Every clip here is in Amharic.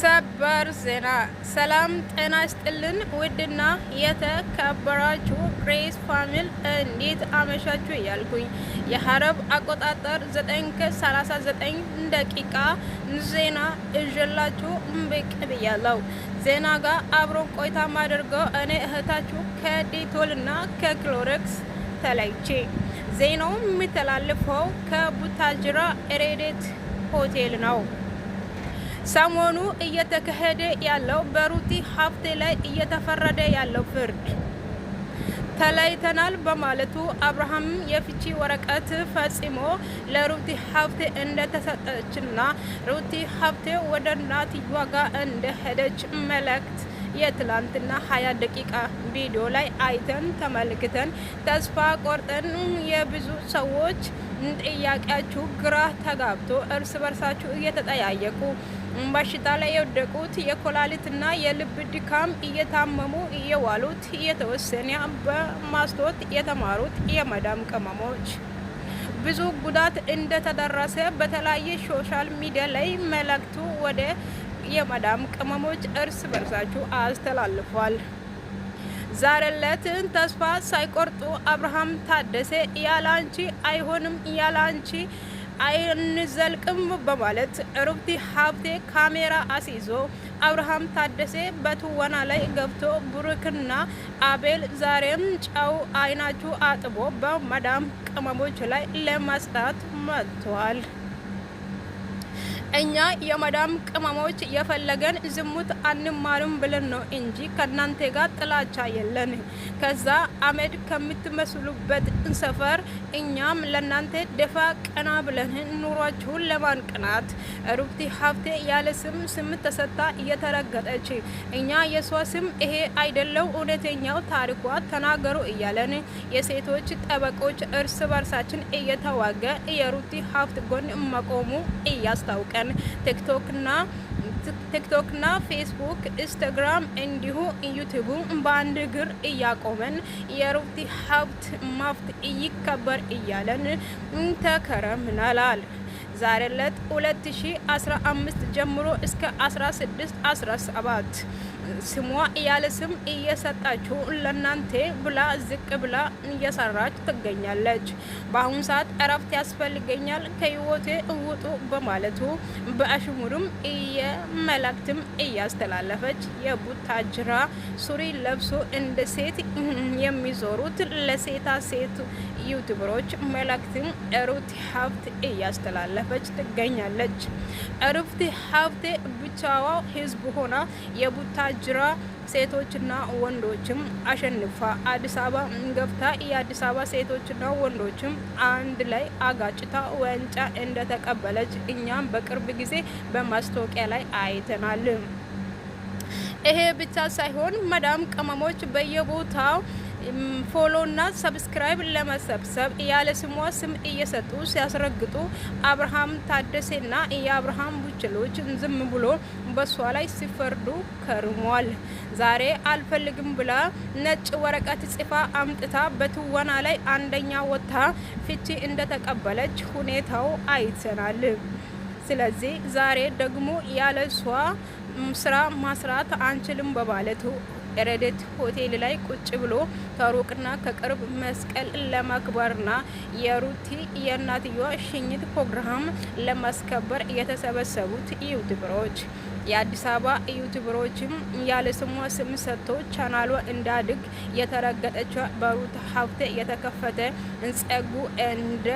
ሰበር ዜና። ሰላም ጤና ይስጥልን። ውድና የተከበራችሁ ግሬስ ፋሚል እንዴት አመሻችሁ እያልኩኝ የሀረብ አቆጣጠር 9 ከ39 ደቂቃ ዜና እዥላችሁ ብቅ ብያለሁ። ዜና ጋር አብሮ ቆይታ ማድርገው እኔ እህታችሁ ከዴቶልና ከክሎረክስ ተለይቼ ዜናው የሚተላልፈው ከቡታጅራ ኤሬዴት ሆቴል ነው። ሰሞኑ እየተካሄደ ያለው በሩቲ ሀብቴ ላይ እየተፈረደ ያለው ፍርድ ተለያይተናል በማለቱ አብርሃም የፍቺ ወረቀት ፈጽሞ ለሩቲ ሀብቴ እንደተሰጠችና ሩቲ ሀብቴ ወደ እናትየዋ ጋር እንደሄደች መልእክት የትላንትና ሀያ ደቂቃ ቪዲዮ ላይ አይተን ተመልክተን ተስፋ ቆርጠን የብዙ ሰዎች ጥያቄያችሁ ግራ ተጋብቶ እርስ በርሳችሁ እየተጠያየቁ በሽታ ላይ የወደቁት የኮላሊትና የልብ ድካም እየታመሙ እየዋሉት እየተወሰነ በማስቶት የተማሩት የመዳም ቅመሞች ብዙ ጉዳት እንደተደረሰ በተለያየ ሶሻል ሚዲያ ላይ መልእክቱ ወደ የመዳም ቅመሞች እርስ በርሳችሁ አስተላልፏል። ዛሬ ዕለትን ተስፋ ሳይቆርጡ አብርሃም ታደሰ ያላንቺ አይሆንም ያላንቺ አይንዘልቅም በማለት ሩብቲ ሀብቴ ካሜራ አስይዞ አብርሃም ታደሴ በትወና ላይ ገብቶ ብሩክና አቤል ዛሬም ጨው አይናችሁ አጥቦ በመዳም ቅመሞች ላይ ለመስጣት መጥቷል። እኛ የመዳም ቅመሞች የፈለገን ዝሙት አንማርም ብለን ነው እንጂ ከእናንተ ጋር ጥላቻ የለን። ከዛ አመድ ከምትመስሉበት ሰፈር እኛም ለእናንተ ደፋ ቀና ብለን ኑሯችሁን ለማንቅናት ሩብቲ ሀብቴ ያለ ስም ስም ተሰጥታ እየተረገጠች እኛ የሷ ስም ይሄ አይደለው እውነተኛው ታሪኳ ተናገሩ እያለን የሴቶች ጠበቆች እርስ በርሳችን እየተዋገ የሩብቲ ሀብት ጎን መቆሙ እያስታውቀ ቀን ቲክቶክና ቲክቶክና ፌስቡክ፣ ኢንስታግራም እንዲሁ ዩቲዩብ በአንድ እግር እያቆመን የሩብቲ ሀብት ማፍት እይከበር እያለን ተከረምናላል። ዛሬ ዕለት 2015 ጀምሮ እስከ 16 17 ስሟ እያለ ስም እየሰጣችሁ ለእናንተ ብላ ዝቅ ብላ እየሰራች ትገኛለች። በአሁኑ ሰዓት እረፍት ያስፈልገኛል ከህይወቴ እውጡ በማለቱ በአሽሙርም እየመላእክትም እያስተላለፈች የቡታጅራ ሱሪ ለብሶ እንደ ሴት የሚዞሩት ለሴታ ሴት ዩቱበሮች መላክትም ሩት ሀብት እያስተላለፈ እየተራበች ትገኛለች። እርፍት ሀብቴ ብቻዋ ህዝብ ሆና የቡታጅራ ሴቶችና ወንዶችም አሸንፋ አዲስ አበባ ገብታ የአዲስ አበባ ሴቶችና ወንዶችም አንድ ላይ አጋጭታ ዋንጫ እንደተቀበለች እኛም በቅርብ ጊዜ በማስታወቂያ ላይ አይተናል። ይሄ ብቻ ሳይሆን መዳም ቅመሞች በየቦታው ፎሎ እና ሰብስክራይብ ለመሰብሰብ ያለ ስሟ ስም እየሰጡ ሲያስረግጡ አብርሃም ታደሴና የአብርሃም ቡችሎች ዝም ብሎ በሷ ላይ ሲፈርዱ ከርሟል። ዛሬ አልፈልግም ብላ ነጭ ወረቀት ጽፋ አምጥታ በትወና ላይ አንደኛ ወጥታ ፍቺ እንደተቀበለች ሁኔታው አይተናል። ስለዚህ ዛሬ ደግሞ ያለ እሷ ስራ ማስራት አንችልም በማለቱ ረደት ሆቴል ላይ ቁጭ ብሎ ከሩቅና ከቅርብ መስቀል ለማክበርና የሩቲ የእናትየዋ ሽኝት ፕሮግራም ለማስከበር የተሰበሰቡት ዩቱብሮች የአዲስ አበባ ዩቱበሮችም ያለ ስሟ ስም ሰጥቶ ቻናሏ እንዳድግ የተረገጠችው በሩት ሀብቴ የተከፈተ ጸጉ እንደ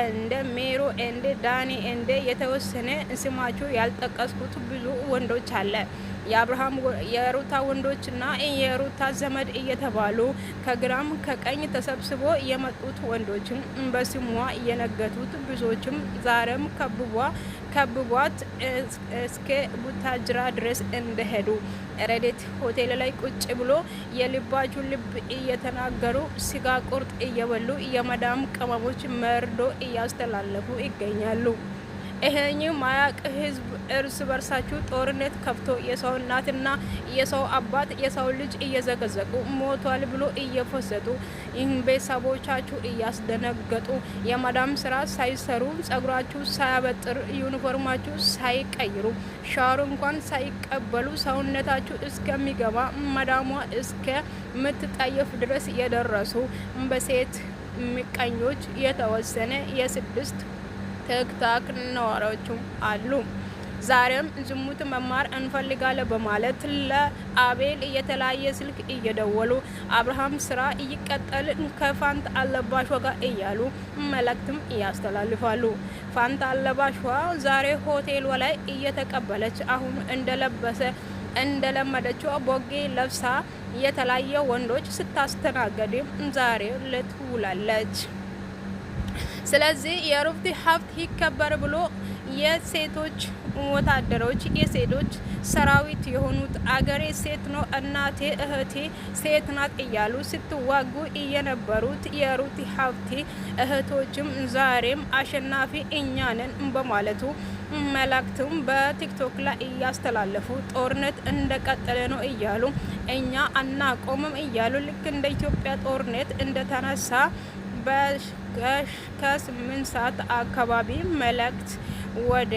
እንደ ሜሮ እንደ ዳኒ እንደ የተወሰነ ስማቸው ያልጠቀስኩት ብዙ ወንዶች አለ። የአብርሃም የሩታ ወንዶችና የሩታ ዘመድ እየተባሉ ከግራም ከቀኝ ተሰብስቦ የመጡት ወንዶችም በስሟ እየነገቱት ብዙዎችም ዛሬም ከብቧ ከብቧት እስከ ቡታጅራ ድረስ እንደሄዱ ረዴት ሆቴል ላይ ቁጭ ብሎ የልባቹ ልብ እየተናገሩ ስጋ ቁርጥ እየበሉ የመዳም ቅመሞች መርዶ እያስተላለፉ ይገኛሉ። ይሄኝ ማያቅ ህዝብ እርስ በርሳችሁ ጦርነት ከፍቶ የሰው እናትና የሰው አባት የሰው ልጅ እየዘገዘቁ ሞቷል ብሎ እየፈሰጡ ይህም ቤተሰቦቻችሁ እያስደነገጡ የማዳም ስራ ሳይሰሩ ጸጉራችሁ ሳያበጥር ዩኒፎርማችሁ ሳይቀይሩ ሻሩ እንኳን ሳይቀበሉ ሰውነታችሁ እስከሚገባ መዳሟ እስከ ምትጠየፍ ድረስ የደረሱ በሴት ምቀኞች የተወሰነ የስድስት ቲክቶክ ነዋሪዎች አሉ። ዛሬም ዝሙት መማር እንፈልጋለን በማለት ለአቤል የተለያየ ስልክ እየደወሉ አብርሃም ስራ እይቀጠል ከፋንት አለባሿ ጋር እያሉ መልእክትም ያስተላልፋሉ። ፋንት አለባሿ ዛሬ ሆቴሏ ላይ እየተቀበለች አሁን እንደለበሰ እንደለመደችው ቦጌ ለብሳ የተለያየ ወንዶች ስታስተናገድ ዛሬ ልትውላለች። ስለዚህ የሩፍቲ ሀብት ይከበር ብሎ የሴቶች ወታደሮች የሴቶች ሰራዊት የሆኑት አገሬ ሴት ነው እናቴ እህቴ ሴት ናት እያሉ ስትዋጉ እየነበሩት የሩቲ ሀብቲ እህቶችም ዛሬም አሸናፊ እኛንን በማለቱ መላእክትም በቲክቶክ ላይ እያስተላለፉ ጦርነት እንደቀጠለ ነው እያሉ እኛ አናቆምም እያሉ ልክ እንደ ኢትዮጵያ ጦርነት እንደተነሳ ከስምንት ሰዓት አካባቢ መልእክት ወደ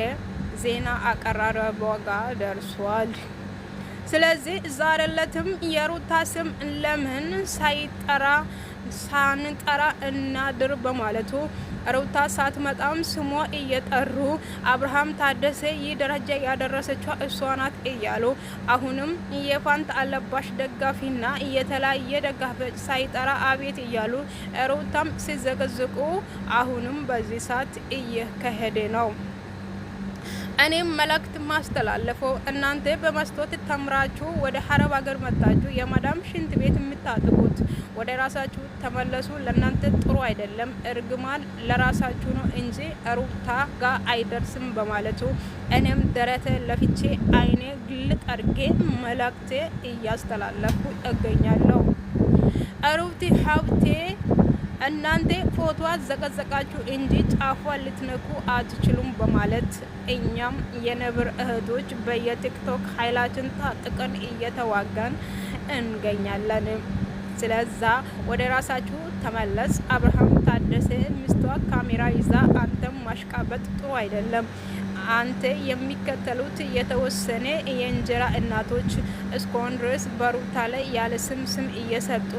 ዜና አቀራረቧ ጋ ደርሷል። ስለዚህ ዛሬ ዕለትም የሩታ ስም ለምን ሳይጠራ ሳንጠራ እናድር በማለቱ ሩታ ሳትመጣም ስሟ እየጠሩ አብርሃም ታደሰ ይህ ደረጃ ያደረሰችው እሷ ናት እያሉ አሁንም የፋንት አለባሽ ደጋፊና እየተለያየ ደጋፊ ሳይጠራ አቤት እያሉ ሩታም ሲዘቀዝቁ አሁንም በዚህ ሰዓት እየከሄደ ነው። እኔም መልእክት ማስተላለፈው እናንተ በመስቶት ተምራችሁ ወደ ሀረብ ሀገር መጣችሁ የማዳም ሽንት ቤት የምታጥቡት ወደ ራሳችሁ ተመለሱ። ለእናንተ ጥሩ አይደለም፣ እርግማን ለራሳችሁ ነው እንጂ ሩታ ጋር አይደርስም በማለቱ እኔም ደረተ ለፍቼ አይኔ ግልጥ አድርጌ መልእክቴ እያስተላለፍኩ እገኛለሁ። ሩብቲ ሀብቴ እናንተ ፎቶዋ ዘቀዘቃችሁ እንጂ ጫፏን ልትነኩ አትችሉም በማለት እኛም የነብር እህቶች በየቲክቶክ ኃይላችን ታጥቀን እየተዋጋን እንገኛለን። ስለዛ ወደ ራሳችሁ ተመለስ። አብርሃም ታደሰ ሚስቷ ካሜራ ይዛ አንተም ማሽቃበጥ ጥሩ አይደለም። አንተ የሚከተሉት የተወሰነ የእንጀራ እናቶች እስኮን ድረስ በሩታ ላይ ያለ ስም ስም እየሰጡ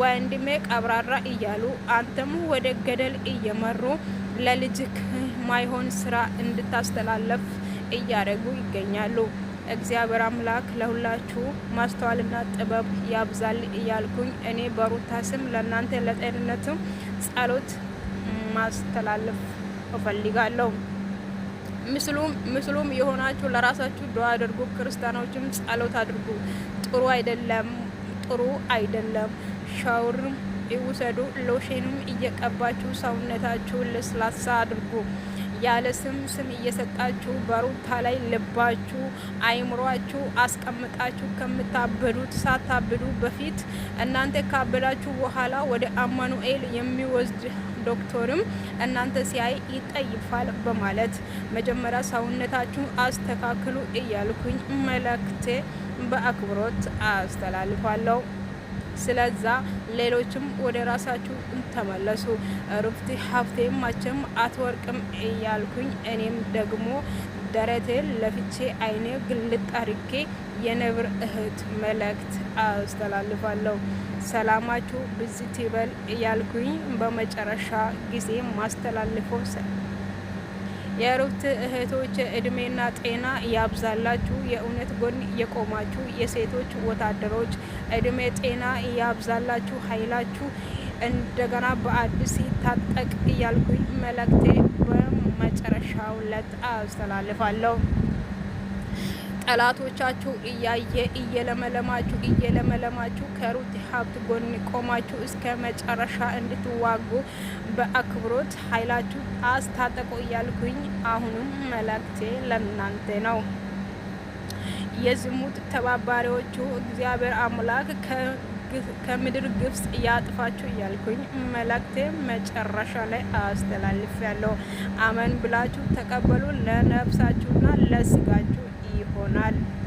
ወንድሜ ቀብራራ እያሉ አንተም ወደ ገደል እየመሩ ለልጅክ ማይሆን ስራ እንድታስተላለፍ እያደረጉ ይገኛሉ። እግዚአብሔር አምላክ ለሁላችሁ ማስተዋልና ጥበብ ያብዛል እያልኩኝ እኔ በሩታ ስም ለእናንተ ለጤንነትም ጸሎት ማስተላለፍ እፈልጋለሁ። ምስሉም ምስሉም የሆናችሁ ለራሳችሁ ዱዓ አድርጉ፣ ክርስቲያኖችም ጸሎት አድርጉ። ጥሩ አይደለም፣ ጥሩ አይደለም። ሻውርም ይውሰዱ፣ ሎሽንም እየቀባችሁ ሰውነታችሁ ለስላሳ አድርጉ። ያለ ስም ስም እየሰጣችሁ በሩታ ላይ ልባችሁ አይምሯችሁ አስቀምጣችሁ ከምታበዱት ሳታብዱ በፊት እናንተ ካበዳችሁ በኋላ ወደ አማኑኤል የሚወስድ ዶክተርም እናንተ ሲያይ ይጠይፋል በማለት መጀመሪያ ሰውነታችሁ አስተካክሉ እያልኩኝ መልእክቴ በአክብሮት አስተላልፋለሁ። ስለዛ ሌሎችም ወደ ራሳችሁ ተመለሱ። ሩፍቲ ሀብቴ ማችም አትወርቅም እያልኩኝ እኔም ደግሞ ደረቴ ለፍቼ አይኔ ግልጥ አርጌ የነብር እህት መልእክት አስተላልፋለሁ። ሰላማችሁ ብዝት ይበል እያልኩኝ በመጨረሻ ጊዜ ማስተላልፎ የእረፍት እህቶች እድሜና ጤና ያብዛላችሁ። የእውነት ጎን የቆማችሁ የሴቶች ወታደሮች እድሜ ጤና ያብዛላችሁ። ኃይላችሁ እንደገና በአዲስ ይታጠቅ እያልኩኝ መልእክቴ በመጨረሻው ለት አስተላልፋለሁ። ጠላቶቻችሁ እያየ እየለመለማችሁ እየለመለማችሁ ከሩት ሀብት ጎን ቆማችሁ እስከ መጨረሻ እንድትዋጉ በአክብሮት ኃይላችሁ አስታጠቁ እያልኩኝ አሁንም መልእክቴ ለእናንተ ነው። የዝሙት ተባባሪዎቹ እግዚአብሔር አምላክ ከምድር ግብጽ እያጥፋችሁ እያልኩኝ መልእክቴ መጨረሻ ላይ አስተላልፍ ያለው አመን ብላችሁ ተቀበሉ። ለነፍሳችሁና ለስጋችሁ Conad.